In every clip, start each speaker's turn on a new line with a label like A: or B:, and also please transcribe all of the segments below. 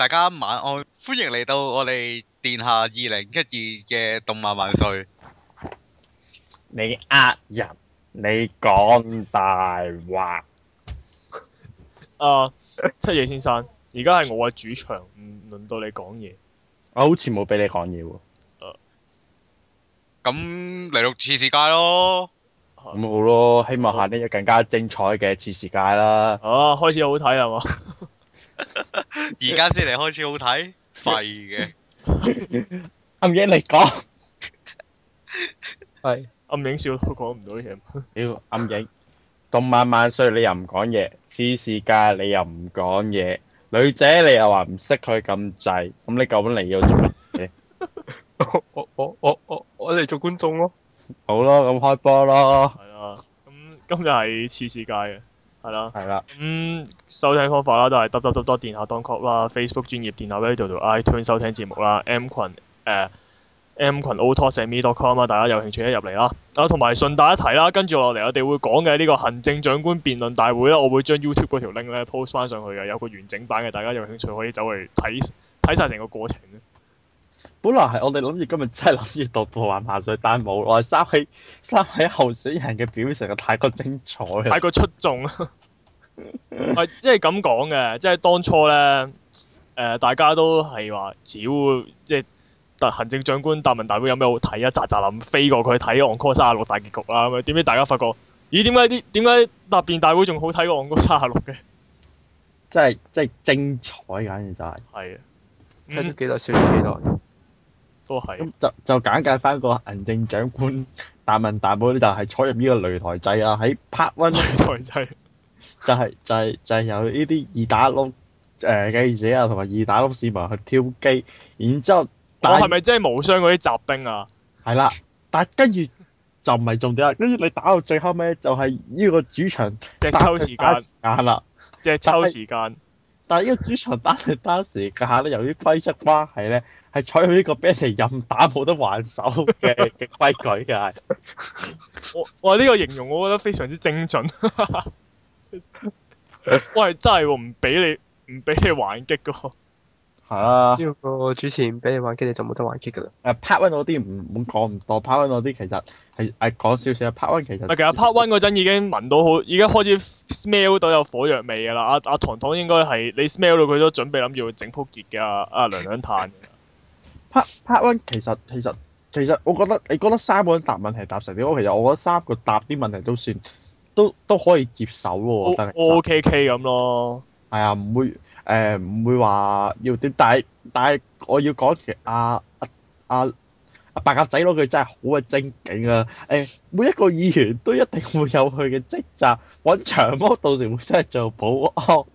A: 大家晚安，歡迎嚟到我哋殿下二零一二嘅動漫萬歲。
B: 你呃人，你講大話。
C: 啊， uh, 七夜先生，而家係我嘅主場，唔輪到你講嘢。
B: 我好似冇俾你講嘢喎。
C: 咁嚟到次世界咯。
B: 咁好咯，希望下呢一更加精彩嘅次世界啦。哦，uh, 開始好睇係嘛？
A: 而家先嚟開始好睇，廢嘅。
C: 暗影嚟講，係暗影笑都講唔到嘢。屌，暗影
B: 動漫萬歲，你又唔講嘢，次次界你又唔講嘢，女仔你又話唔識佢咁滯，咁你究竟嚟要做乜嘢？我我我我我我嚟做觀眾咯。好咯，咁開波咯。係啊，
C: 咁今日係次次界嘅。係啦，係啦對、嗯。咁收聽方法啦，都係 dotdotdotcom c a com 啦，Facebook 專業電校 Radio，iTunes 收聽節目啦，M 群誒、呃、M 群 autosemi.com 啦。大家有興趣一入嚟啦。啊，同埋順帶一提啦，跟住落嚟我哋會講嘅呢個行政長官辯論大會啦，我會將 YouTube 嗰條 link 咧 post 翻上去嘅，有個完整版嘅，大家有興趣可以走嚟睇睇晒成個過程。本來係我哋諗住今日真
B: 係諗住讀《富蘭行水，但冇，我係三位三位候選人嘅表情啊，太過精
C: 彩，太過出眾啊！係， 即係咁講嘅，即係當初咧，誒、呃，大家都係話，屌，即係特行政長官答問大會有咩好睇啊？扎扎林飛過去睇《On Call 卅六》大結局啦，咁點知大家發覺，咦？點解啲點解答辯大會仲好睇過《On Call 卅六》嘅？即係即係精
B: 彩，簡直就係。係啊的！睇咗幾耐，笑咗幾耐。都係咁就就簡介翻個行政長官答問大會就係、是、坐入呢個擂台制啊，喺 part one 嘅擂台制就係、是、就係、是、就係由呢啲二打六誒、呃、記者啊同埋二打六市民去挑機，然之後我係咪
C: 真係無傷嗰啲雜兵啊？
B: 係啦，但跟住就唔係重點啦。跟住你打到最後尾就係呢個主場，即係抽時間啦，即
C: 係抽時間。
B: 但係呢個主場單係當時嘅，下咧，由於規則關係咧，係採用呢個俾人任打冇得還
C: 手嘅嘅規矩嘅係。 我我呢個形容我覺得非常之精準。 喂，真係唔俾你唔俾你還擊嘅。
B: 係啊，只要個主持人俾你玩激，你就冇得玩激㗎喇。誒 part one 嗰啲唔冇講唔多，part one 嗰啲其實係誒講少少 part one 其實其實 part
C: one 嗰陣已經聞到好，已經開始 smell 到有火藥味㗎喇。阿阿唐唐應該係你 smell 到佢都準備諗住去整鋪傑噶。阿、啊、娘娘嘆 part
B: part one 其實其實其實我覺得你覺得三個答問題答成點？我其實我覺得三個答啲問題都算都都可以接手 o, o、K K K、咯，真係 O
C: K K 咁咯。係、哎呃、啊，唔會誒，唔
B: 會話要點，但係但係我要講其阿阿阿阿白鴿仔嗰佢真係好嘅精警啊！誒、啊啊哎，每一個議員都一定會有佢嘅職責，揾長毛到時會真係做保安。哦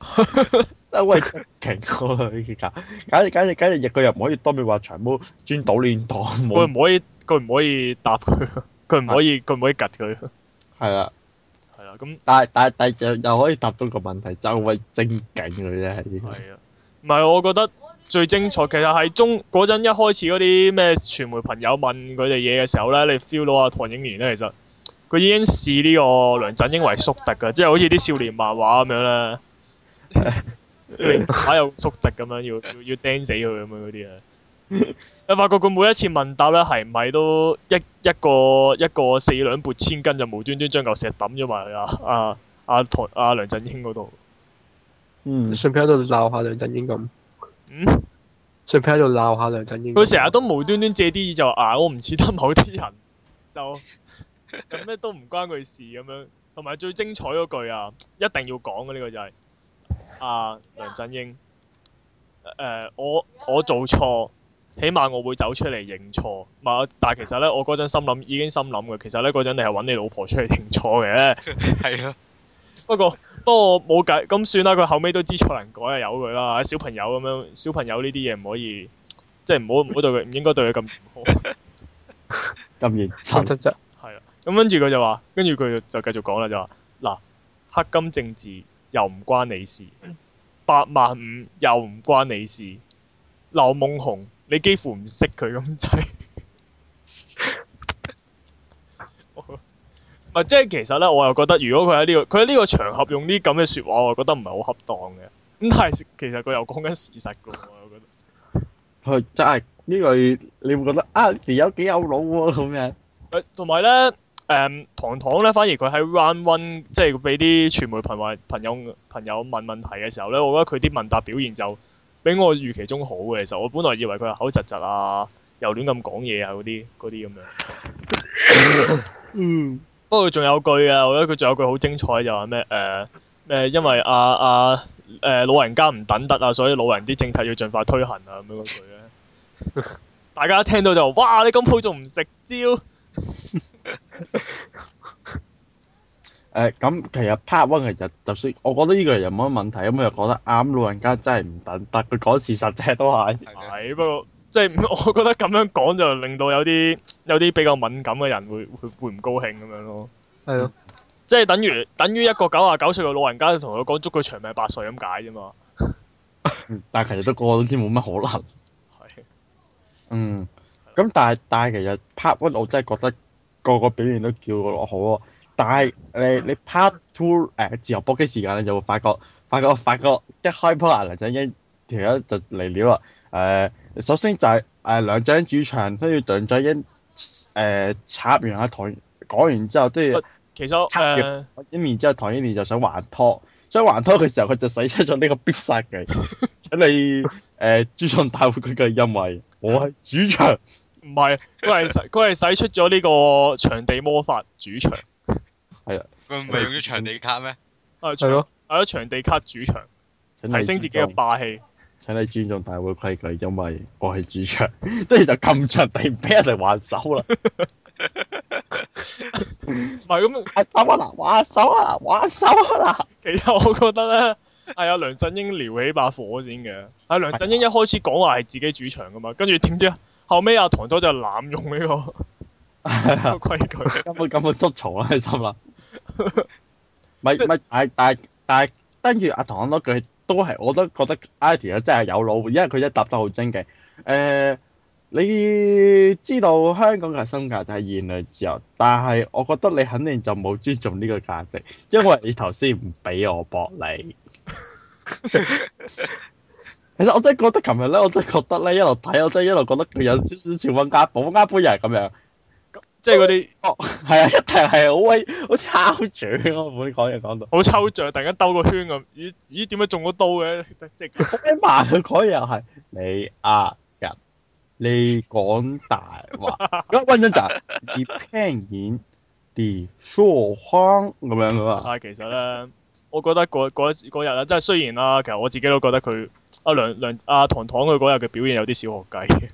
B: 哎、啊喂，勁喎呢啲架，簡直簡直簡直亦佢又唔可以當面話長毛專搗亂黨。佢唔
C: 可以，佢唔可以答佢，佢唔可以，佢唔可以吉佢。係啦。
B: 咁、嗯，但係但係但又又可以答到個問題，就係精景佢啫係。係 啊，
C: 唔係我覺得最精彩，其實係中嗰陣一開始嗰啲咩傳媒朋友問佢哋嘢嘅時候咧，你 feel 到阿、啊、唐英年咧，其實佢已經視呢個梁振英為宿敵嘅，即係好似啲少年漫畫咁樣啦，嚇又 宿敵咁樣，要要，要釘死佢咁樣嗰啲啊。你 發覺佢每一次問答咧，係唔係都一一個一個四兩撥千斤就無端端將嚿石抌咗埋啊啊啊台啊，啊梁振英嗰度，嗯，嗯，
A: 順便喺度鬧下梁振英咁，嗯，順便喺度鬧下梁振英。佢成
C: 日都無端端借啲意就話啊，我唔似得某啲人，就咁咩都唔關佢事咁樣。同埋最精彩嗰句啊，一定要講嘅呢個就係啊梁振英，誒我我做錯。起碼我會走出嚟認錯，但係其實呢，我嗰陣心諗，已經心諗嘅。其實呢，嗰陣你係搵你老婆出嚟認錯嘅。係 啊。不過不過冇計，咁算啦。佢後尾都知錯能改，由佢啦。小朋友咁樣，小朋友呢啲嘢唔可以，即係唔好唔好對佢，唔應該對佢咁好。咁嚴係啊。咁跟住佢就話，跟住佢就繼續講啦，就話嗱，黑金政治又唔關你事，八萬五又唔關你事，劉夢紅。你幾乎唔識佢咁滯，唔 即係其實咧，我又覺得如果佢喺呢個佢喺呢個場合用啲咁嘅説話，我覺得唔係好恰當嘅。咁但係其實佢又講緊事實嘅喎，我覺得。係真係呢個你會覺得啊，
B: 而家幾有腦喎咁樣。
C: 同埋咧誒，唐唐咧反而佢喺 run one 即係俾啲傳媒朋友朋友朋友問問題嘅時候咧，我覺得佢啲問答表現就。俾我預期中好嘅，其實我本來以為佢係口窒窒啊，又亂咁講嘢啊嗰啲嗰啲咁樣。 嗯，不過仲有句啊，我覺得佢仲有句好精彩，就話咩誒誒，因為啊啊誒老人家唔等得啊，所以老人啲政策要盡快推行啊咁樣嗰句咧。 大家聽到就，哇！你咁鋪仲唔食蕉？
B: 誒咁、嗯，其實 part one 其實就算，我覺得呢個人又冇乜問題，咁又講得啱，老人家真係唔等，但佢講事實啫，都係的。
C: 係， 不過即係我覺得咁樣講就令到有啲有啲比較敏感嘅人會會會唔高興咁樣咯。係、嗯、
B: 咯，
C: 的即係等於等於一個九十九歲嘅老人家同佢講祝佢長命百歲咁解啫嘛。
B: 但係其實都個個都知冇乜可能。係的。嗯，咁但係但係其實 part one 我真係覺得個個表現都叫落好喎。但係，你你 part two 誒、呃、自由搏擊時間你就會發覺，發覺發覺一開波梁振英條友就嚟料啦。誒、呃，首先就係誒梁振英主場，跟住梁振英誒、呃、插完阿唐講完之後，即係其實誒，一、呃、完之後唐英年就想還拖，想還拖嘅時候佢就使出咗呢個必殺技，使 你誒、呃、主場大會佢嘅因為我係主場，
C: 唔係佢係佢係使出咗呢個場地魔法主場。 係啊，佢唔係用咗場地卡咩？係咯、啊，係咗的場地卡主場，提升自己嘅霸氣。
B: 請你尊重大會規矩，因為我係主場。跟住 就禁場，突然俾
C: 人嚟還手啦。唔係咁，收啊嗱，還手啊，還手啊嗱。其實我覺得咧，係啊，梁振英撩起把火先嘅。阿梁振英一開始講話係自己主場噶嘛，跟住點知啊？後尾阿、啊、唐多就濫用呢、這
B: 個規矩，根本根本捉嘈啊，你心諗。咪咪， 但係但係跟住阿唐安多句都係，我都覺得阿 T、哎這個、真係有腦，因為佢一答得好精嘅。誒、呃，你知道香港嘅新價值就係言論自由，但係我覺得你肯定就冇尊重呢個價值，因為你頭先唔俾我駁你。 其實我真係覺得琴日咧，我真係覺得咧，一路睇我真係一路覺得佢有少少似溫家寶
C: 壓杯人咁樣。即係嗰啲，係、哦、啊，一定係好威，好似抽象。我唔會講嘢講到好抽象，突然間兜個圈咁，咦咦，點解中咗刀嘅？即係
B: 佢講嘢又係你壓人，你講大話。咁啊，温音就聽演別疏荒咁樣噶嘛。
C: 但係其實咧，我覺得嗰日咧，即係雖然啦，其實我自己都覺得佢阿梁梁阿唐唐佢嗰日嘅表現有啲小學雞。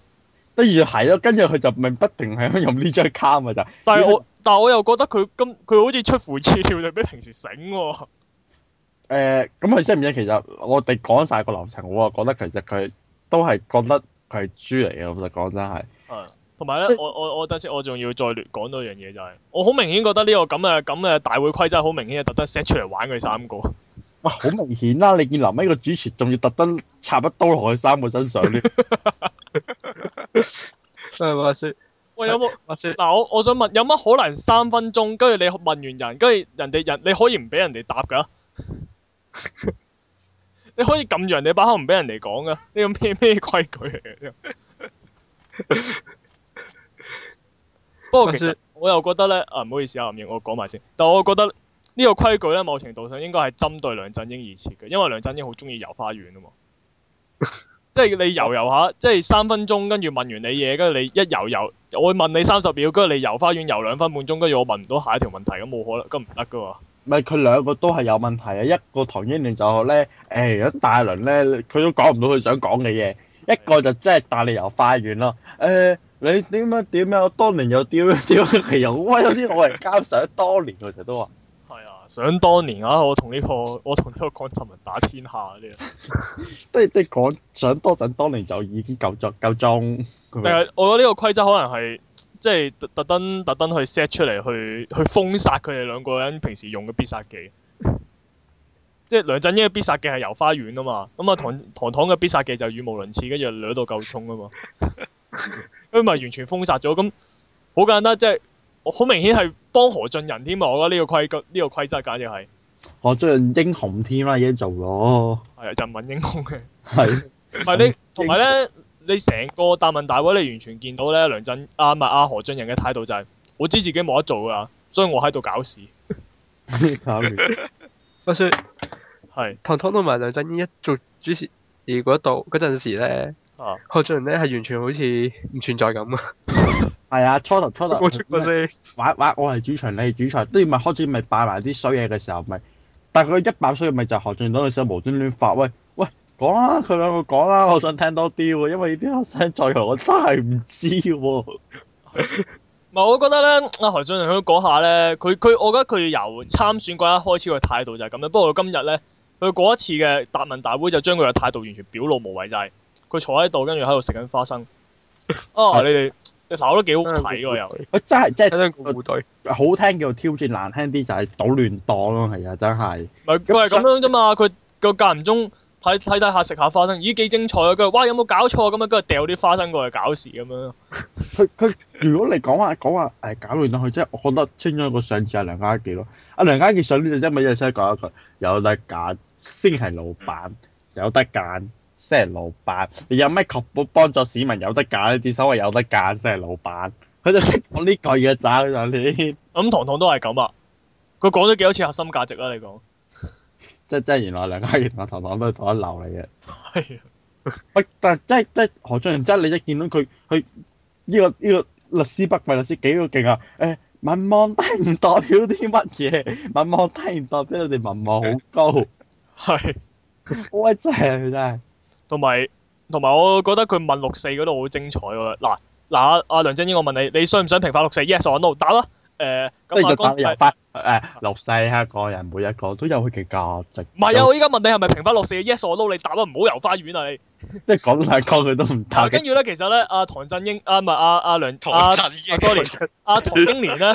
C: 不如係咯，跟住佢就咪不停喺度用呢張卡嘛就。但係我，但係我又覺得佢今佢好似出乎意料，比平時醒喎、
B: 啊。咁係啱唔啱？其實我哋講晒個流程，我啊覺得其實佢都係覺得佢係豬嚟嘅。老實講真係。
C: 同埋咧，我我我等先，我仲要再講多一樣嘢就係、是，我好明顯覺得呢、這個咁嘅咁嘅大會規則好明顯係特登設出嚟玩佢三個。
B: 哇、呃！好明顯啦、啊， 你見臨尾個主持仲要特登插一刀落去三個身上咧。
C: 誒，話事。喂，有冇？話事。 嗱，我我想問，有乜可能三分鐘？跟住你問完人，跟住人哋人，你可以唔俾人哋答噶、啊？ 你可以撳住人哋把口，唔俾人哋講噶呢個咩咩規矩嚟嘅？不過其實我又覺得咧，啊，唔好意思啊，林穎，我講埋先。但係我覺得個規呢個規矩咧，某程度上應該係針對梁振英而設嘅，因為梁振英好中意遊花園啊嘛。 即係你遊遊下，即係三分鐘，跟住問完你嘢，跟住你一遊遊，我會問你三十秒，跟住你遊花園遊兩分半鐘，跟住我問唔到下一條問題。咁冇可能，咁唔得㗎喎。
B: 唔係佢兩個都係有問題啊！一個唐英年就咧，誒、欸、一大輪咧，佢都講唔到佢想講嘅嘢；的一個就即係帶你遊花園咯，誒、欸、你點樣點樣當年又點點，其實我覺得啲老人
C: 交想多年，佢就都話。想當年啊，我同呢、這個我同呢個講秦文打天下嗰啲啊，
B: 即係即係講想多陣當年就已經夠作夠鐘。但係
C: 我覺得呢個規則可能係即係特登特登去 set 出嚟去去封殺佢哋兩個人平時用嘅必殺技。即係 梁振英嘅必殺技係遊花園啊嘛，咁啊唐，唐唐唐嘅必殺技就語無倫次，跟住攞到夠鐘啊嘛，佢咪完全封殺咗。咁好簡單，即係。我好明顯係幫何俊仁添啊！我覺得呢個規矩，呢、呢個規則簡直係
B: 何俊仁英雄添啦，已經做咗，
C: 係啊，人民英雄嘅。
B: 係 。
C: 唔係你，同埋咧，你成個答問大會，你完全見到咧，梁振啊唔係啊，啊何俊仁嘅態度就係、係，我知自己冇得做㗎，所以我喺度搞事。搞 完？ 我算係唐唐同埋梁振英一做主持
B: 而嗰度嗰陣時咧。啊、何俊仁咧係完全好似唔存在咁啊，係啊，初頭初頭我出過先玩玩，我係主場，你係主場都要咪開始咪敗埋啲衰嘢嘅時候咪，但係佢一敗衰咪就何俊仁嗰度想無端端發威喂，講啦、啊，佢兩個講啦，我想聽多啲喎，因為啲黑晒在球我真係唔知唔
C: 係、啊， 我覺得咧阿何俊仁佢嗰下咧，佢佢，我覺得佢由參選嗰一刻開始嘅態度就係咁樣。不過今日咧，佢嗰一次嘅答問大會就將佢嘅態度完全表露無遺，就係、是。佢坐喺度，跟住喺度食緊花生。哦、啊啊，你哋、啊，你查我都幾好睇喎
B: 又。佢真係真係。聽聽好聽叫做挑戰，難聽啲就係搗亂檔咯，係啊，真係。咪
C: 佢係咁樣啫嘛？佢個間唔中睇睇睇下食下花生，咦，幾精彩啊！佢， 哇，有冇搞錯咁啊？跟住掉啲花生過嚟搞事咁樣。
B: 佢佢，如果你講下講下誒、哎，搞亂咗佢，即係我覺得清咗個上次阿梁家傑咯。阿梁家傑上呢就真係要先講一句：有得揀先係老闆，有得揀。即係老闆，你有咩確保幫助市民有得揀？至所謂有得揀，即係老闆。
C: 佢就識講呢句嘢渣佢你。咁唐唐都係咁啊？佢講咗幾多次核心價值 啊？你講，即即係原
B: 來梁家傑同唐唐都係同一流嚟嘅。但係即但真真何俊仁真你一見到佢佢呢個呢、呢個律師不愧律師幾咁勁啊？誒民望低唔代表啲乜嘢，民望
C: 低唔代表你民望好高。係、啊， 我真係佢真係。真同埋，同埋，我覺得佢問六四嗰度好精彩喎。嗱，嗱，阿梁振英，我問你，你想唔想平反六四？Yes，or no，呃嗯、答啦。誒，咁我講你遊六四啊，個人、嗯、每一個都有佢嘅價值。唔係啊！我依家問你係咪平反六四？Yes，or no, 你答啦，唔好遊花園啊！你即
B: 係講曬講佢都唔答。跟
C: 住咧，其實咧，阿、啊、唐振英啊，唔係阿阿梁阿阿、啊、英、啊啊 sorry, 啊、唐英年咧，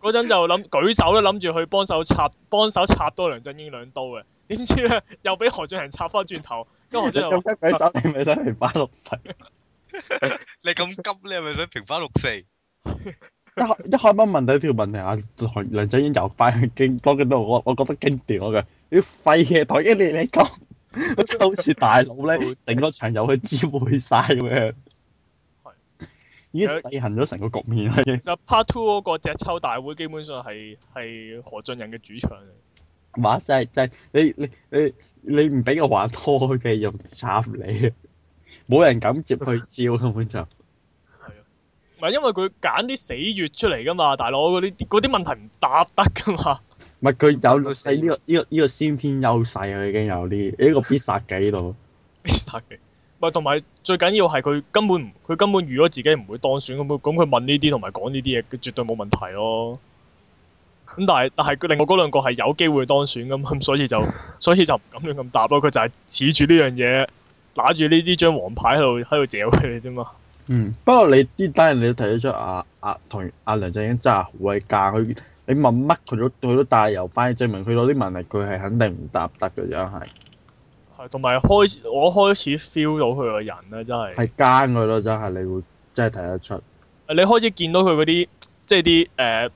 C: 嗰陣就諗舉手咧，諗住去幫手插幫手插多梁振英兩刀嘅，點知咧又俾何俊仁插翻轉頭。咁
B: 急咪想，咪 想平翻六四？
C: 你咁急，你係咪想平翻六四？
B: 一開一開班問到條問題啊！梁振英又翻去經多幾度，到我我覺得經典我嘅你廢嘅台一你你講， 好似大佬咧，整咗場友去支配晒嘅。係。 已經制衡咗成個局面啦。
C: 就 Part Two 嗰個隻抽大會，基本上係係何俊仁嘅主場嚟。
B: 玩就係就係你你你你唔俾我玩，拖佢又插你，冇 人敢接佢招根本就。係
C: 啊，唔係因為佢揀啲死穴出嚟㗎嘛，大佬嗰啲啲問題唔答得㗎嘛。唔
B: 係佢有佢使呢個呢個呢個先天優勢啊，已經有啲呢個必殺技度。
C: 必殺技，唔係同埋最緊要係佢根本唔佢根本預咗自己唔會當選咁，咁佢問呢啲同埋講呢啲嘢，佢絕對冇問題咯。咁但係但係佢另外嗰兩個係有機會當選咁，所以就所以就唔敢咁咁答咯。佢就係恃住呢樣嘢，拿住呢呢張黃牌喺度喺度嚼佢哋啫嘛。嗯，
B: 不過你呢單嘢你都睇得出啊啊，同、啊、阿梁振英真係好鬼奸。佢你問乜佢都佢都答，又反而證明佢攞啲問題佢係肯定唔答得嘅，真係。
C: 係同埋開始，我開始 feel 到佢個人咧，真係
B: 係奸佢咯，真係你會真係睇得出。
C: 你開始見到佢嗰啲即係啲誒。呃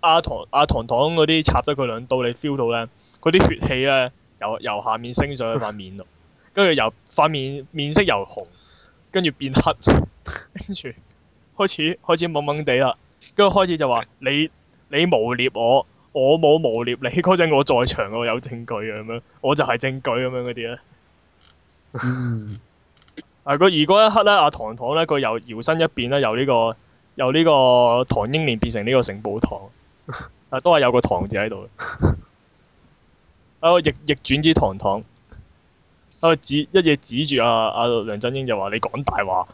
C: 阿唐，阿唐、啊，唐嗰啲插咗佢兩刀，你 feel 到咧？嗰啲血氣咧由由下面升上去塊面度，跟住由塊面面色由紅，跟住變黑，跟住開始開始懵懵地啦。跟住開始就話你你誣蔑我，我冇誣蔑你。嗰陣我在場，我有證據咁樣我就係證據咁樣嗰啲咧。嗯，如果 一刻咧，阿、啊、唐，唐咧佢又搖身一變咧，由呢、這個由呢個唐英年變成呢個城寶糖。啊，都係有個堂字喺度。啊，亦逆轉之堂,堂，糖啊，指一嘢指住啊。阿梁振英就話你講大話，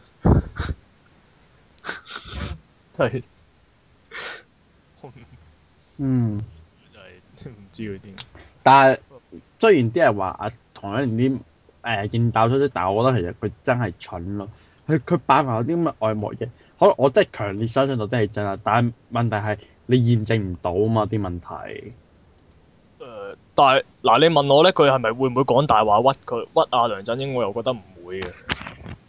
B: 真係的嗯就係唔知佢點。但係雖然啲人話阿唐英年啲誒勁爆出出，但係我覺得其實佢真係蠢咯。佢佢擺埋啲乜外貌嘢，可能我真係強烈相信到真係真啊。但係問題係。你驗證唔到啊嘛啲問題。誒、
C: 呃，但係嗱，你問我咧，佢係咪會唔會講大話屈佢屈阿梁振英？我又覺得唔會嘅，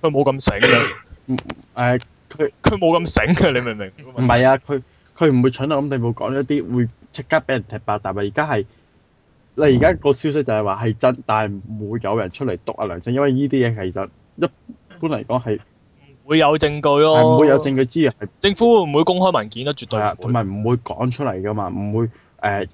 C: 佢冇咁醒嘅。誒，佢佢冇咁醒嘅，你明唔明？
B: 唔係啊，佢佢唔會蠢到咁地步講一啲會即刻俾人踢爆。但係而家係你而家個消息就係話係真，但係唔會有人出嚟督阿梁振英，因為呢啲嘢其實一般嚟講係。嗯
C: 會有證據咯，唔會有證
B: 據知啊？政府唔會公開文件咯，絕對啊，同埋唔會講出嚟噶嘛，唔會誒，一、呃、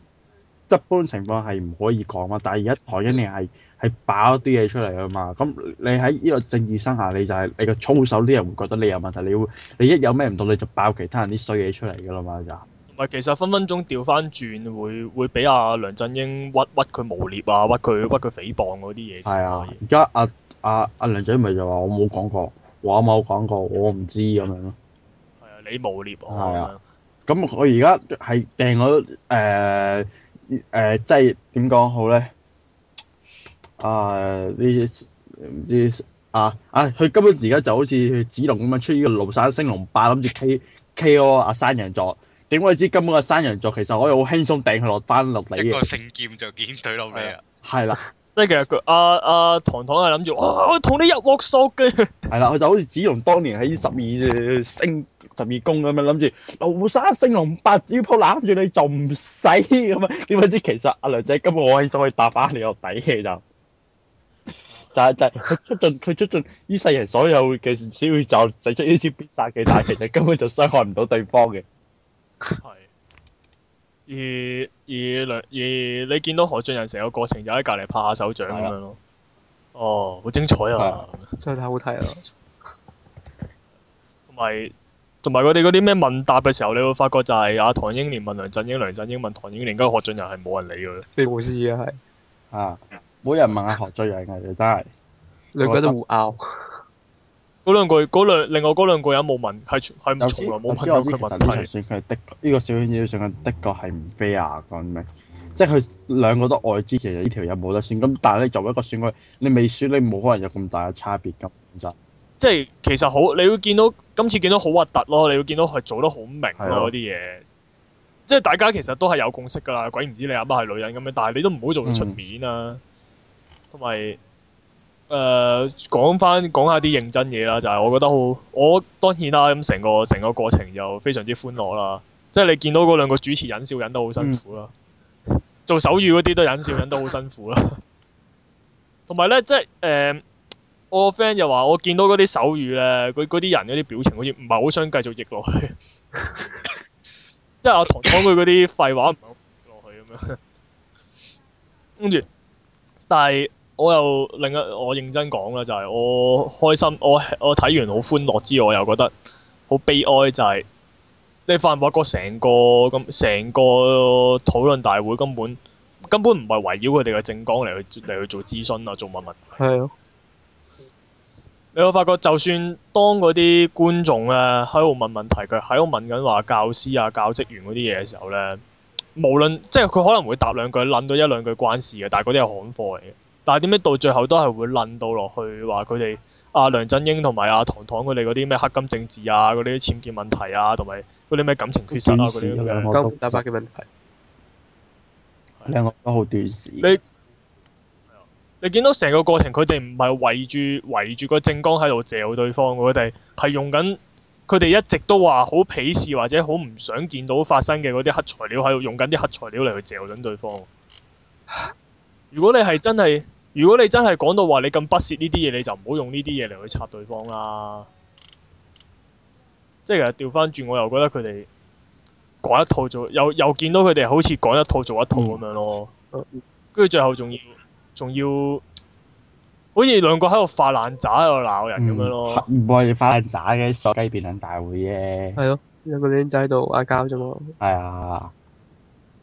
B: 般情況係唔可以講啊。但係而家唐英年係係爆啲嘢出嚟噶嘛，咁你喺呢個政治生涯，你就係、是、你個操守，啲人會覺得你有問題。你會你一有咩唔同，你就爆其他人啲衰嘢出嚟噶啦嘛，就
C: 唔係其實分分鐘調翻轉會會俾阿梁振英屈屈佢誣蔑啊，屈佢屈佢誹謗嗰啲嘢係
B: 啊。而家阿阿阿梁仔咪就話我冇講過。啊啊啊啊啊啊啊我冇講過，我唔知咁樣咯。係啊，
C: 你無劣、啊啊啊、我
B: 咁樣。咁我而家係掟咗誒誒，即係點講好咧？啊，啲唔知啊啊！佢、啊、根本而家就好似紫龍咁樣出呢個廬山昇龍霸，諗住 K K O 阿、啊、山羊座。點鬼知根本阿山羊座其實我又好輕鬆掟佢落返落嚟。嘅。
C: 個聖劍就劍腿落尾啊！係啦。即係其實佢阿阿，唐唐係諗住，我同你一鑊熟嘅。
B: 係啦，佢就好似子龍當年喺十二星十二宮咁樣諗住，廬山升龍八只要攬住你就唔使。咁啊！點不知其實阿梁仔，根本我係想去搭翻你個底氣嘅就，就就佢出盡佢出盡呢世人所有嘅小宇宙就使出呢招必殺技，但係其實根本就傷
C: 害唔到對方嘅。係。而而梁而你見到何俊仁成個過程就喺隔離拍下手掌咁樣咯，的哦，好精彩啊！真係太好睇啊！同埋同埋佢哋嗰啲咩問答嘅時候，你會發覺就係阿唐英年問梁振英，梁振英問唐英年，跟住何俊仁係冇人理佢、啊啊啊，你無知啊，係啊，冇人問阿何俊仁其實真係，
B: 兩個都互
C: 拗。嗰兩句嗰另外嗰兩個人冇問，係係從來冇朋友問。
B: 的呢的個小圈子上嘅的確係唔飛啊，講明，即係佢兩個都愛知其實呢條嘢冇得選。咁但係你作為一個選舉，你未選你冇可能有咁大嘅差別咁咋。嗯、即
C: 係其實好，你會見到今次見到好核突咯，你會見到佢做得好明，明咯啲嘢是的。即係大家其實都係有共識噶啦，鬼唔知你阿媽係女人咁樣，但係你都唔好做出面啊，同埋。 誒、呃、講翻講下啲認真嘢啦，就係、是、我覺得好，我當然啦，咁成個成個過程又非常之歡樂啦，即係你見到嗰兩個主持忍笑忍得好辛苦啦，嗯、做手語嗰啲都忍笑忍得好辛苦啦，同埋咧即係誒、呃，我 friend 又話我見到嗰啲手語咧，嗰啲人嗰啲表情好似唔係好想繼續譯落去， 即係我講佢嗰啲廢話唔好譯落去咁樣，跟 住，但係。我又另一我認真講啦，就係、是、我開心，我我睇完好歡樂之外，我又覺得好悲哀、就是，就係你發唔發覺成個咁成個討論大會根本根本唔係圍繞佢哋嘅政綱嚟去嚟去做諮詢啊，做乜乜？係咯的。你會發覺就算當嗰啲觀眾咧喺度問問題，佢喺度問緊話教師啊、教職員嗰啲嘢嘅時候咧，無論即係佢可能會答兩句，諗到一兩句關事嘅，但係嗰啲係行貨嚟嘅。但係點解到最後都係會論到落去話佢哋阿梁振英同埋阿唐唐，佢哋嗰啲咩黑金政治啊、嗰啲僭建問題啊，同埋嗰啲咩感情缺失啊嗰啲嘅金錢糾紛嘅
B: 問題。
C: 的你你見到成個過程，佢哋唔係圍住圍住個政綱喺度嚼對方嘅，佢哋係用緊佢哋一直都話好鄙視或者好唔想見到發生嘅嗰啲黑材料喺度用緊啲黑材料嚟去嚼緊對方。如果你係真係，如果你真係講到話你咁不屑呢啲嘢，你就唔好用呢啲嘢嚟去插對方啦。即係其實調翻轉，我又覺得佢哋講一套做，又又見到佢哋好似講一套做一套咁樣咯。跟住、嗯、最後仲要仲要，好似兩個喺度發爛渣喺度鬧人咁樣
B: 咯。唔係、嗯、發爛渣嘅，索雞辯論大會啫。係咯，兩個靚仔喺度嗌交啫嘛。係啊、哎。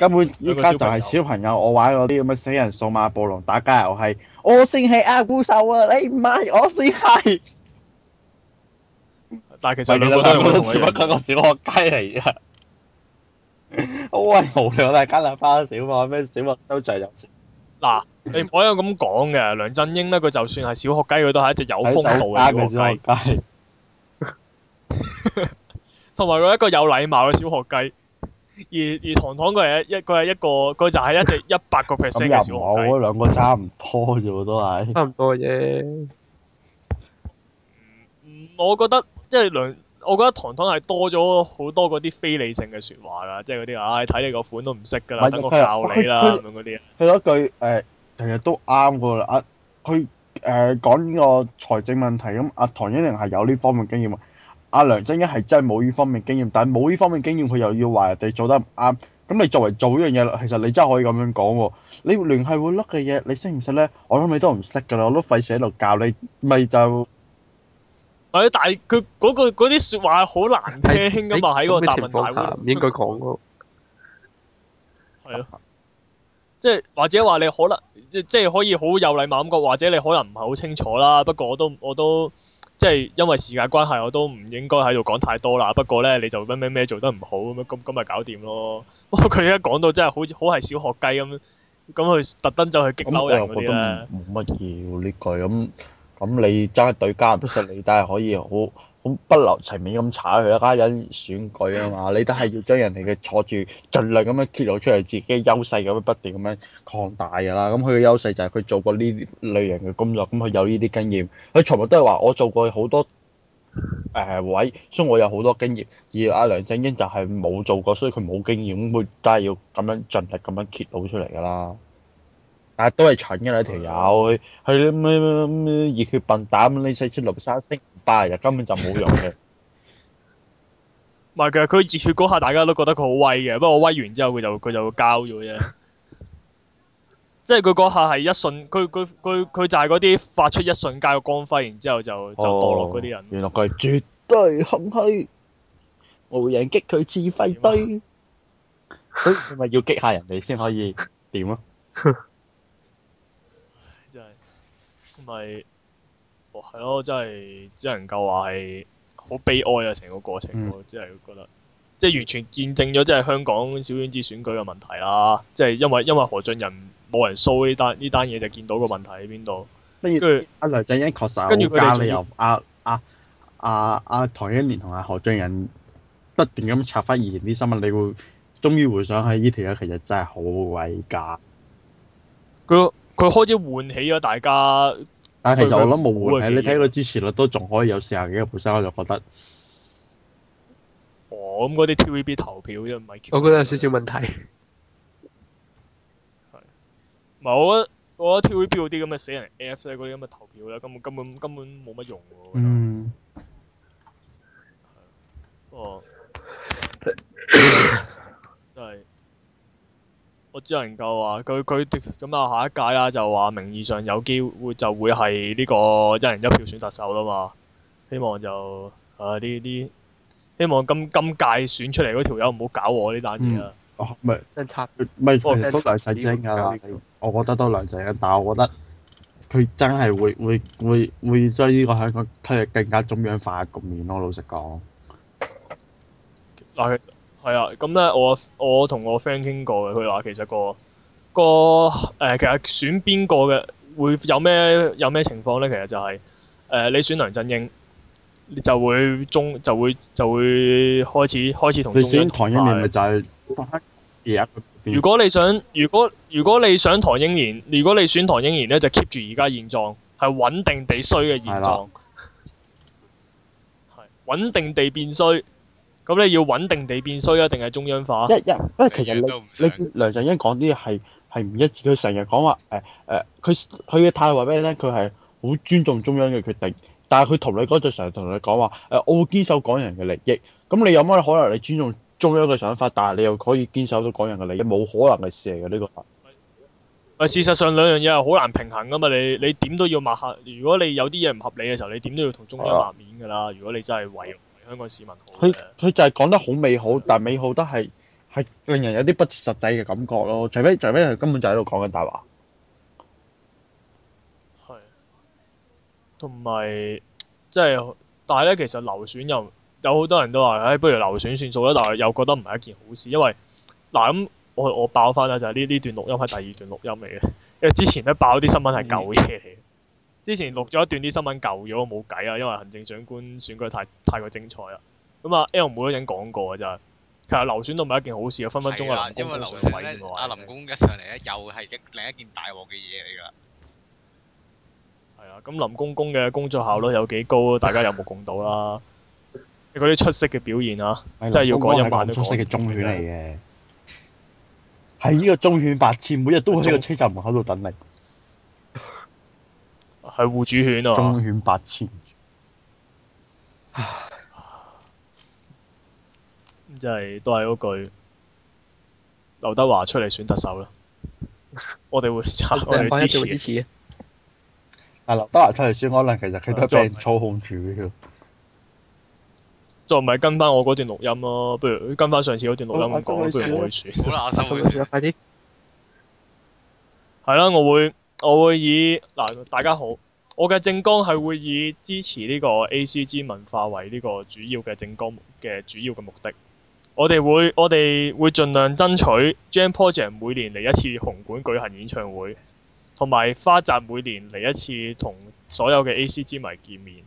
B: 根本依家就係小朋友，我玩嗰啲咁嘅死人數碼暴龍打街遊戲，我先係阿古獸啊！你唔係我先係。但其實兩人都只不過一個小學雞嚟啫。喂，無聊啦，加拿大小學咩小學
C: 都就係幼稚。嗱，你唔可以咁講嘅，梁振英咧，佢就算係小學雞，佢都係一隻有風度嘅小學雞，同埋佢一個有禮貌嘅小學雞。而而唐唐佢係一佢係一個佢就係一隻一百個 percent 嘅小皇
B: 帝。兩 個差唔多啫，都係。差唔多啫 。
C: 我覺得即係梁，我覺得唐唐係多咗好多嗰啲非理性嘅說話啦，即係嗰啲唉，睇、啊、你個款都唔識噶啦，是等我教你啦咁樣嗰啲。
B: 佢嗰句其實都啱噶。阿佢誒講呢個財政問題咁，阿唐英年係有呢方面經驗啊。阿梁振英係真係冇呢方面經驗，但係冇呢方面經驗，佢又要話人哋做得唔啱。咁你作為做呢樣嘢，其實你真係可以咁樣講喎。你聯繫會甩嘅嘢，你識唔識咧？我諗你都唔識噶啦，我都費事喺度教你，咪就
C: 係。但係佢嗰個嗰啲説話係好難聽，咁嘛喺個答問大會唔
B: 應該講咯。
C: 係咯，即係或者話你可能即即係可以好有禮貌咁講，或者你可能唔係好清楚啦。不過我都我都。即係因為時間關係，我都唔應該喺度講太多啦。不過咧，你就咩咩咩做得唔好咁咁咁咪搞掂咯。不過佢而家講到真係好似好係小學雞咁，咁佢特登走去激嬲人。我覺得
B: 冇乜嘢呢句咁，咁你爭一對家，其實你，但係可以好。 好不留情面咁踩佢啦，而家有啲選舉啊嘛，的你都係要將人哋嘅坐住，盡量咁樣揭露出嚟自己嘅優勢，咁樣不斷咁樣擴大噶啦。咁佢嘅優勢就係佢做過呢類型嘅工作，咁佢有呢啲經驗。佢從來都係話我做過好多誒位、呃，所以我有好多經驗。而阿梁振英就係冇做過，所以佢冇經驗，咁佢梗係要咁樣盡力咁樣揭露出嚟噶啦。但係都係蠢噶啦，條友佢咩咩咩熱血笨膽，你使出六三升八日根本就冇用嘅。
C: 唔係，其實佢熱血嗰下大家都覺得佢好威嘅，不過我威完之後佢就佢就會交咗啫。即係佢嗰下係一瞬，佢佢佢佢就係嗰啲發出一瞬間嘅光輝，然之後就就墮落嗰啲人。
B: 原來佢係絕對空虛，無人擊佢自廢堆，所以咪要擊下人哋先可以點咯。
C: 咪，哇，係、哦、咯，真係只能夠話係好悲哀啊！成個過程，我只係覺得，即係完全見證咗，即係香港小圈子選舉嘅問題啦。即係因為因為何俊仁冇人 show 呢單呢單嘢，就見到個問題喺邊度。跟
B: 住阿梁振英確實好假，你由阿阿阿阿唐英年同阿何俊仁不斷咁插翻以前啲新聞，你會終於回想起呢條友其實真係好偽假。
C: 佢開始喚起咗大家，但係其實我諗冇喎。你睇
B: 佢支持率都仲可以有四十幾個 percent，我就覺得。
C: 我咁嗰啲 TVB 投票因係唔係？我覺得有少少問題。係。唔係我覺得我覺得 TVB 嗰啲咁嘅死人 Apps 嗰啲咁嘅投票咧，根本根本根本冇乜用喎，我覺得。嗯。哦。 我只能夠話佢佢，咁啊，下一屆啦，就話名義上有機會就會係呢個一人一票選特首啦嘛。希望就啊，呢啲希望今今屆選出嚟嗰條友唔好搞我呢單嘢啦。哦、嗯，唔係真插，唔係都兩隻精
B: 㗎。我覺得都兩隻精，但係我覺得佢真係會會會會將呢個香港推入更加中央化局面咯。老實講。
C: 啊係啊，咁咧、嗯、我我同我 friend 傾過嘅，佢話其實、個個、個個誒、呃、其實選邊個嘅會有咩有咩情況咧？其實就係、是、誒、呃、你選梁振英，你就會中就會就會,就會開始開始同你選唐英年咪就係、是、如果你想如果如果你想唐英年，如果你選唐英年咧，就 keep 住而家現狀，係穩定地衰嘅現狀。係啦了。 穩定地變衰。咁你要穩定地變衰啊，定係中央化？一一，因其實
B: 你梁振英講啲嘢係唔一致。佢成日講話誒誒，佢佢嘅態度畀你聽？佢係好尊重中央嘅決定，但係佢同你講就成日同你講話誒，我會堅守港人嘅利益。咁你有乜可能你尊重中央嘅想法，但係你又可以堅守到港人嘅利益？冇可能嘅事嚟嘅呢個。
C: 事實上兩樣嘢係好難平衡噶嘛。你你點都要抹黑。如果你有啲嘢唔合理嘅時候，你點都要同中央抹面㗎啦。如果你真係為香港市民
B: 好，好，佢就係講得好美好，是的 但美好都係係令人有啲不切實際嘅感覺咯。除非除非佢根本就喺度講緊大話，
C: 係。同埋即係，但係咧，其實流選又有好多人都話，誒、哎，不如流選算數啦。但係又覺得唔係一件好事，因為嗱咁，我我爆返啦，就係呢呢段錄音係第二段錄音嚟嘅，因為之前咧爆啲新聞係舊嘢嚟。之前錄咗一段啲新聞舊咗冇計啊，因為行政長官選舉太太過精彩啦。咁啊，L 冇一人講過嘅就係，其實流選都唔係一件好事啊，分分鐘啊，行政長阿林公
A: 公一上嚟咧，又係一另一件大鑊嘅嘢嚟噶。
C: 係啊、嗯，咁、嗯、林公公嘅工作效率有幾高，大家有目共睹啦、啊。嗰啲 出色嘅表現啊， 真係要講一晚出色嘅。忠犬嚟
B: 嘅。係呢個忠犬八公，每日都喺個車站門口度等你。
C: 係護主犬啊！忠
B: 犬八千，咁
C: 即係都係嗰句，劉德華出嚟選特首咯，我哋會撐我哋支持。 會支
B: 持啊，劉德華出嚟選，可能其實佢都係唔操控住嘅，就
C: 唔係跟翻我嗰段錄音咯。不如跟翻上次嗰段錄音講，會不如我去
A: 選。嗱，快啲，
C: 係啦、 啊，我會我會以嗱大家好。我嘅政綱係會以支持呢個 ACG 文化為呢個主要嘅政綱，嘅主要嘅目的我。我哋會我哋會盡量爭取 JAM Project 每年嚟一次紅館舉行演唱會，同埋花澤每年嚟一次同所有嘅 ACG 迷見面。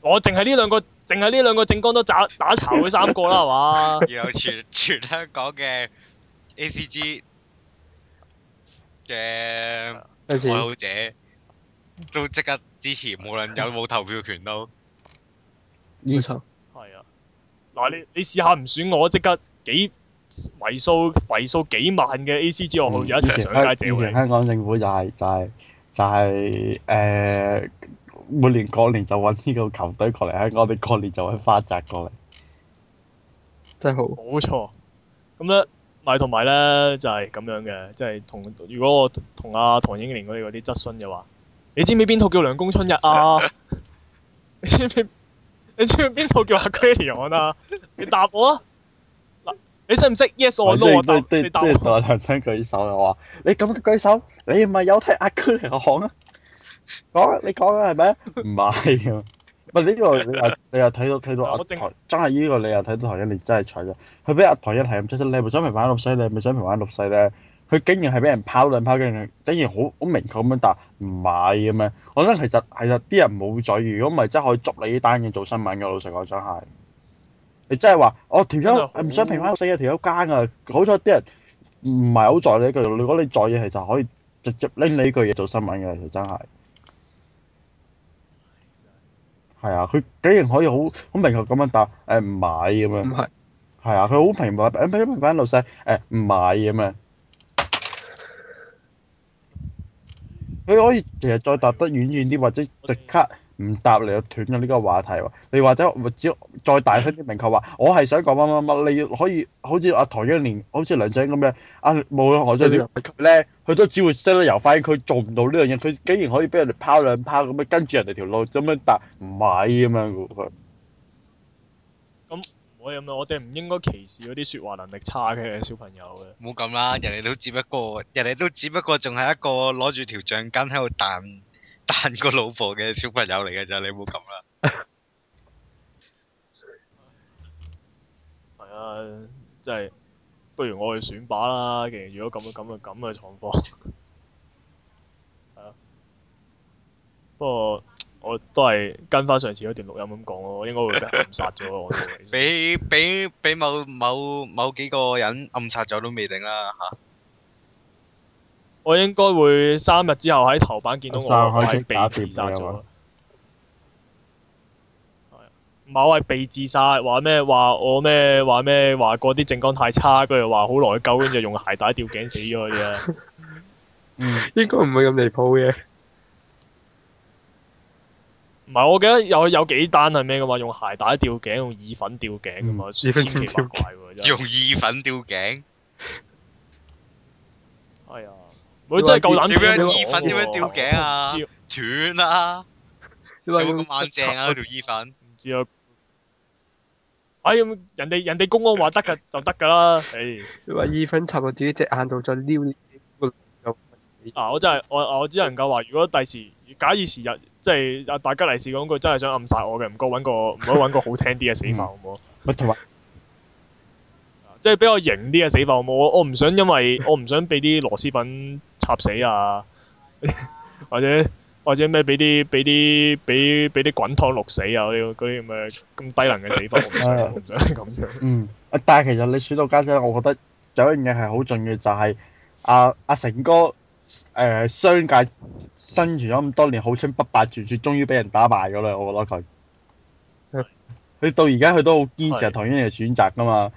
C: 我淨係呢兩個，淨係呢兩個政綱都打打巢佢三個啦， 係嘛？然後全全
A: 香港嘅 ACG 嘅愛好者。都即刻支持，無論
B: 有
C: 冇投票權都冇錯。係思 啊，嗱，你你試下唔選我，即刻幾位數？位數幾萬嘅 A C 之外，而家一齊上街走嘅。嗯、
B: 以前香港政府就係、是、就係、是、就係、是、誒、呃，每年過年就搵呢個球隊過嚟，香港嘅過年就搵花澤過嚟，
C: 真係好冇錯。咁咧，咪、就是就是、同埋咧就係咁樣嘅，即係同如果我同阿、啊、唐英年嗰啲嗰啲質詢嘅話。你知唔知邊套叫涼宮春日啊？你知唔知？你知唔知邊套叫阿 Crayon 啊？你答我啊！嗱，yes，你識唔識？Yes，我 l o 我答。你答我。也
B: 答我兩聲舉手我話：你咁舉手，你唔係有睇阿 Crayon 啊？講啊，你講 啊，係咪？唔係啊，唔呢個你又你又睇到睇到阿唐真係呢個你又睇到唐英年真係蠢啦！佢俾阿唐英係咁出出，你咪、啊、想佢玩六世？你咪想佢玩六世咧？佢竟然係俾人拋兩拋嘅，竟然好好明確咁樣答唔買咁樣。我覺得其實其實啲人冇在意，如果唔係真係可以捉你呢單嘢做新聞嘅老實講真係。你真係話哦，條友唔想平翻死啊，條友奸啊。好彩啲人唔係好在意呢句。如果你在意，其實可以直接拎你呢句嘢做新聞嘅，真係。係啊，佢竟然可以好好明確咁樣答誒唔買咁樣。唔係係啊，佢好平反誒，唔想平翻老細誒唔買咁樣。佢可以其實再答得遠遠啲，或者即刻唔答你就斷咗呢個話題，你或者或者再大聲啲明確話，我係想講乜乜乜，你可以好似阿、啊、唐英年，好似梁振英咁樣啊冇啦，我即係咧，佢都只會識得游返，佢做唔到呢樣嘢。佢竟然可以俾人哋拋兩拋咁樣跟住人哋條路，咁樣答唔係咁樣咁
C: 我哋我哋唔應該歧視嗰啲說話能力差嘅小朋友嘅。唔好咁啦，人哋都只不過，人哋都
A: 只不過仲係一個攞住條橡筋喺度彈彈個老婆嘅小朋友嚟嘅啫，你唔好咁啦。
C: 係啊，即係，不如我去選拔啦。其實如果咁嘅咁嘅咁嘅狀況，係啊，不過。我都係跟翻上次嗰段錄音咁講咯，應該會俾人暗殺咗我。俾俾俾
A: 某某某幾個人暗殺咗都未定啦嚇！我應
C: 該會、， 啊、應該會三日之後喺頭版見到我已經被自殺咗話。某位被自殺，話咩話我咩話咩話？嗰啲政綱太差，跟住話好內疚，跟住用鞋帶吊頸死咗嘅。嗯，
A: 應該唔會咁離譜嘅。
C: 唔係，我記得有有幾單係咩噶嘛？用鞋帶吊頸，用意粉吊頸噶嘛，千奇百怪喎！用意粉吊頸？係啊！我真係夠膽，點樣意粉點樣吊頸啊？斷啊！你話咁眼鏡啊條意粉？唔知啊！哎呀，人哋人哋公安話得嘅就得㗎啦。你話意
A: 粉插到自己隻眼度再撩你？
C: 我真係我我只能夠話，如果第時假以時日。即係阿大吉利是講句，真係想暗殺我嘅，唔該揾個唔該揾個好聽啲嘅死法，好唔好？ 嗯、還 即係比較型啲嘅死法，好唔好？我唔想因為我唔想俾啲螺絲粉插死啊，或者或者咩俾啲俾啲俾俾啲滾湯淥死啊嗰啲啲咁嘅咁低能嘅死法，唔想唔想咁
B: 樣。 嗯、 但係其實你說到家姐，我覺得有一樣嘢係好重要，重要、就是，就係阿阿成哥。誒、呃、商界生存咗咁多年， 好似不敗傳說終於俾人打敗咗啦！我覺得佢佢 到而家佢都好堅持唐英年嘅選擇噶嘛？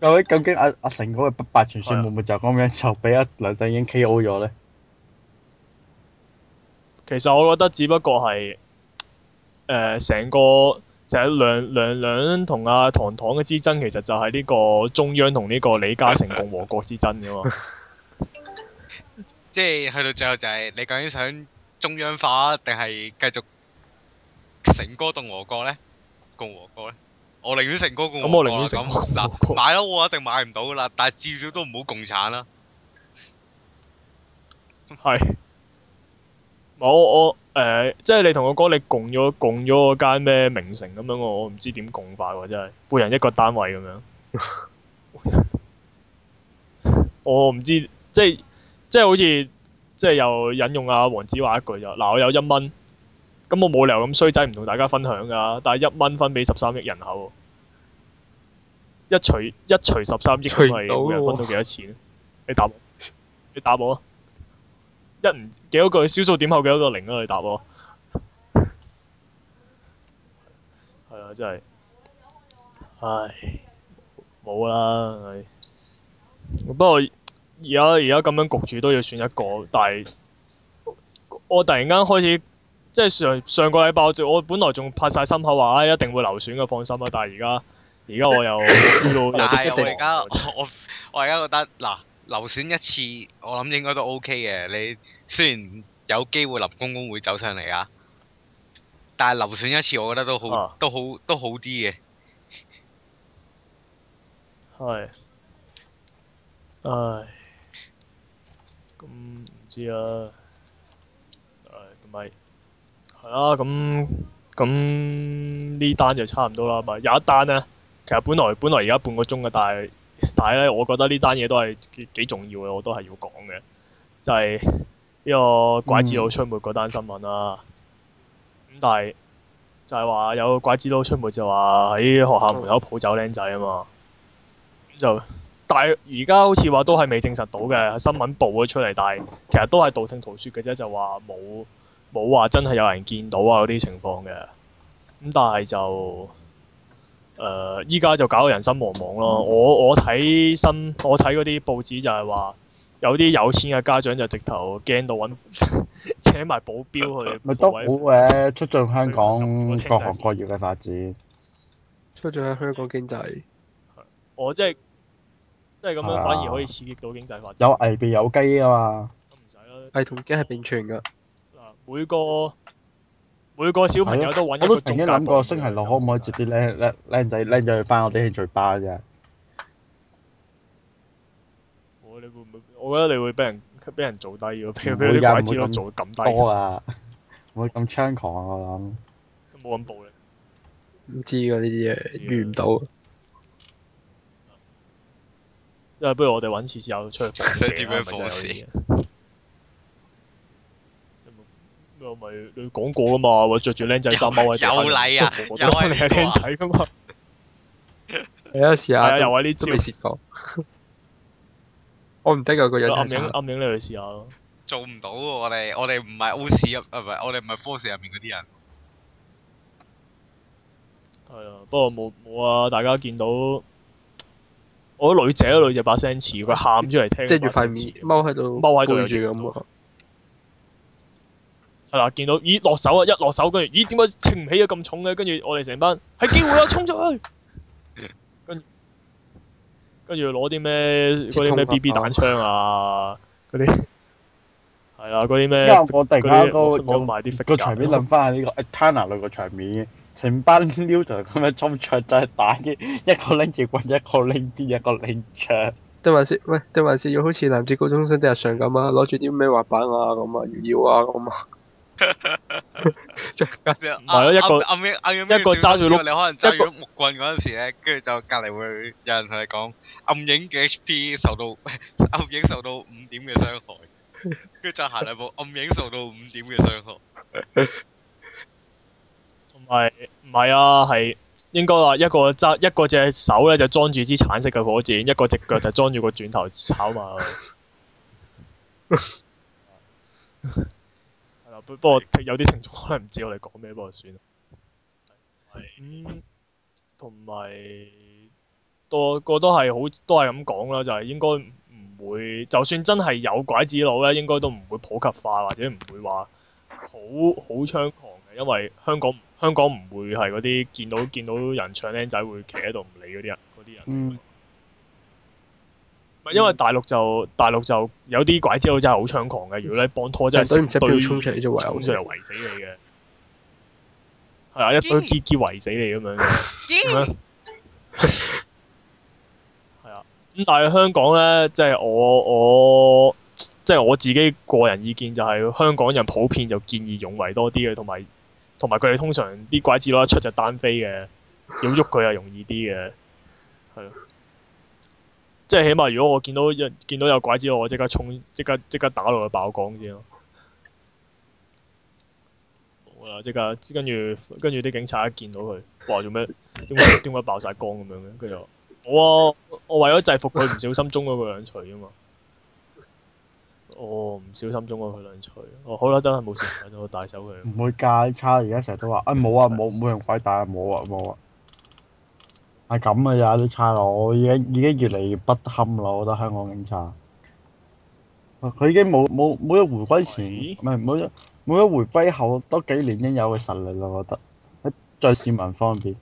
B: 究竟阿阿成嗰個不敗傳説，會唔會就咁樣就俾阿梁振英 K.O.
C: 咗咧？ 其實我覺得只不過係誒成個就係梁梁梁同阿唐唐嘅之爭，其實就係呢個中央同呢個李嘉誠共和國之爭啫嘛。
A: 即係去到最後就係、是、你究竟想中央化定係繼續成哥共和國呢？共和國呢？我寧願成哥共和咁，嗱買咯， 我一定買唔到啦。但係至少都唔好共產啦。
C: 係。冇，我誒、呃，即係你同我講你共咗共咗嗰間咩名城咁樣，我我唔知點共法真係，每人一個單位咁樣。 我唔知即係。即係好似，即係又引用阿黃子華一句就嗱，我有一蚊，咁我冇理由咁衰仔唔同大家分享噶，但係一蚊分俾十三億人口，一除一除十三億係會分到幾多錢，哦你？你答，你答我啊！一唔幾多個小數點後幾多個零啊？你答我。係 啊，真係。唉，冇啦，係。不過。而家而家咁樣焗住都要選一個，但係我，我突然間開始即係上上個禮拜我本來仲拍晒心口話一定會留選嘅，放心啊！但係而家而家我又輸到 我而家
A: 我我而家覺得嗱留選一次我諗應該都 OK 嘅，你雖然有機會立公公會走上嚟啊，但係留選一次我覺得都好，啊，都好都好啲嘅。
C: 係。唉。咁唔知、哎、говорил, 啊，誒唔係，係啦。咁咁呢單就差唔多啦，咪有一單呢，其實本來本來而家半個鐘嘅，但係但係咧，我覺得呢單嘢都係幾，幾重要嘅，我都係要講嘅，就係、是、呢個拐子佬出沒嗰單新聞啦、啊。咁但係就係話有拐子佬出沒，就話喺學校門口抱走僆仔啊嘛，咁就。但係而家好似話都係未證實到嘅新聞報咗出嚟，但係其實都係道聽途説嘅啫，就話冇冇話真係有人見到啊嗰啲情況嘅。咁但係就誒依家就搞到人心惶惶咯。我我睇新我睇嗰啲報紙就係話有啲有錢嘅家長就直頭驚到揾 請埋保鏢去咪都好誒，促進去香
B: 港各行各業嘅發展，
C: 促進香港經濟。我即係。即係咁樣，反而可以刺激到經濟發展。有
B: 危必有機啊嘛，唔使啦，係同機係並存噶。嗱，
C: 每個每個小朋友都搵到種感覺。我都曾經諗過
B: 星期六可唔可以接啲靚靚靚仔靚仔翻我哋興趣班嘅。
C: 我你會唔會？我覺得你會俾人俾人做低，如果俾俾啲怪招做咁低。多啊！
B: 唔會咁猖狂啊！我諗冇咁暴嘅，唔知噶呢啲嘢遇唔到。
C: 即係不如我哋搵次試下出去放蛇啊！咪真係～我咪你講過噶嘛？我著住僆仔衫帽或者，有禮啊！又係靚仔噶嘛？你試下，又係呢？未試
A: 過。我唔得啊！個暗影，
C: 暗影你去試下咯。
A: 做唔到喎！我哋我哋唔係 O 士入，唔係我哋唔係 f o 入面嗰啲人。
C: 係啊，不過冇冇啊！大家見到。我女仔、啊，嗰女仔把聲似佢喊出嚟聽，遮住塊面，踎喺度，踎喺度，遮住咁、嗯。係啦，見到，咦，落手啊，一落手，跟住，咦，點解稱唔起咗咁重咧？跟住我哋成班係機會啦、啊，衝出去！跟跟住攞啲咩嗰啲咩 B B 彈槍啊，嗰啲係啊，嗰啲咩？因為我突然間嗰個嗰場面諗
B: 翻下呢個 Eternal 嗰個場面想想下、這個。哎成班僆就咁樣衝桌就係打嘅，一個拎住棍，一個拎啲，一個拎槍。即
A: 係話說，喂，即話說，要好似《男子高中生的日常》咁啊，攞住啲咩滑板啊，咁啊，要，要啊，咁 啦啊。即係唔係咯，一個暗影，啊、小小小一個揸住碌木棍嗰陣時咧，跟住個就隔籬會有人同你講：暗影嘅 H.P. 受到暗影受到五點嘅傷害，跟住 就行兩步，暗影受到五點嘅傷害。
C: 唔係，唔係啊，係應該話一個揸一個隻手咧就裝住支橙色嘅火箭，一個隻腳就裝住個轉頭。炒埋。係，不過有啲聽眾可能唔知我哋講咩，不過算啦。係，咁、嗯，同埋多個都係好都係咁講啦，就係、是、應該唔會，就算真係有拐子佬咧，應該都唔會普及化或者唔會話好好猖狂嘅，因為香港。香港唔會係嗰啲見到見到人唱靚仔會企喺度唔理嗰啲人，啲人。唔係、嗯、因為大陸就大陸就有啲拐子佬真係好猖狂嘅，如果你幫拖真係成堆沖嚟，成堆人圍死你嘅。係啊，一堆叫叫圍死你咁樣，咁樣。係啊。咁但係香港咧，即係我我即係我，我自己個人意見就係香港人普遍就見義勇為多啲嘅，同埋。同埋佢哋通常啲拐子佬一出就單飛嘅，要喐佢又容易啲嘅，係咯，即係起碼如果我見到一見到有拐子，我即刻衝，即刻即刻打落去爆光先咯。好啦，即刻跟住跟住啲警察一見到佢話做咩？點解點解爆晒光咁樣嘅？佢就我、啊、我為咗制服佢，唔小心中咗個人除啊嘛。我唔、oh, 小心中咗佢兩錘。哦，oh, 好啦，真係冇事，我帶走佢。唔
B: 會噶差，而家成日都話、哎、啊，冇啊冇冇用鬼打啊，冇啊冇啊。係咁啊，而家啲差佬已經已經越嚟越不堪咯。我覺得香港警察，佢、啊、已經冇冇冇一回歸前，唔係冇一冇一回歸後都幾年應有嘅實力啦。我覺得喺在市民方面。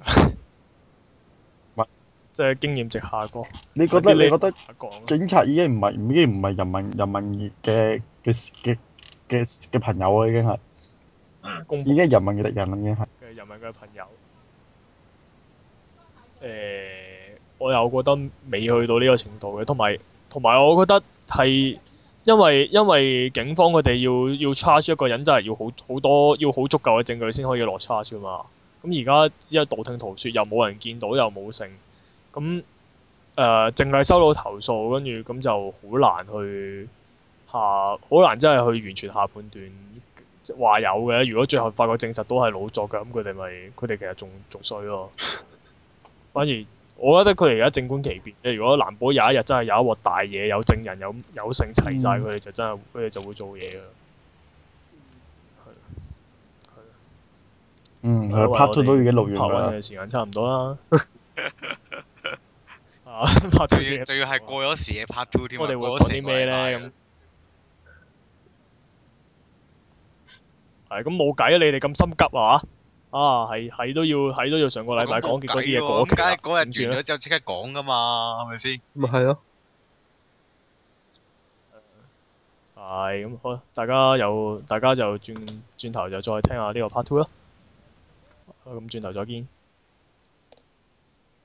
C: 即係經驗值下降。你覺得你覺得
B: 警察已經唔係已經唔係人民人民嘅嘅嘅嘅朋友啊！已經係已經人民
C: 嘅敵人啦！已經係嘅人民嘅朋友。誒、呃，我又覺得未去到呢個程度嘅，同埋同埋我覺得係因為因為警方佢哋要要 charge 一個人真係要好好多要好足夠嘅證據先可以落 charge 嘛。咁而家只有道聽途説，又冇人見到，又冇證。咁誒淨係收到投訴，跟住咁就好難去下，好難真係去完全下判斷。話有嘅，如果最後發覺證實都係老作嘅，咁佢哋咪佢哋其實仲仲衰咯。反而我覺得佢哋而家靜觀其變。如果藍保有一日真係有一鑊大嘢，有證人，有有證齊晒，佢哋、嗯、就真係佢哋就會做嘢㗎。嗯，係啦 part two 都已經錄完㗎啦。拍完時間差唔多啦。 啊，part two 仲要係過咗時嘅 part two 添，我哋會講啲咩咧咁？係咁冇計啊！你哋咁心急啊？吓啊，係係都要係都要上個禮拜講完嗰啲嘢過期。咁梗係嗰日轉咗之後即
A: 刻講噶嘛，係咪先？咪係咯。
C: 係咁好，大家又，大家就轉轉頭就再聽下呢個 part two 咯。咁轉頭再見。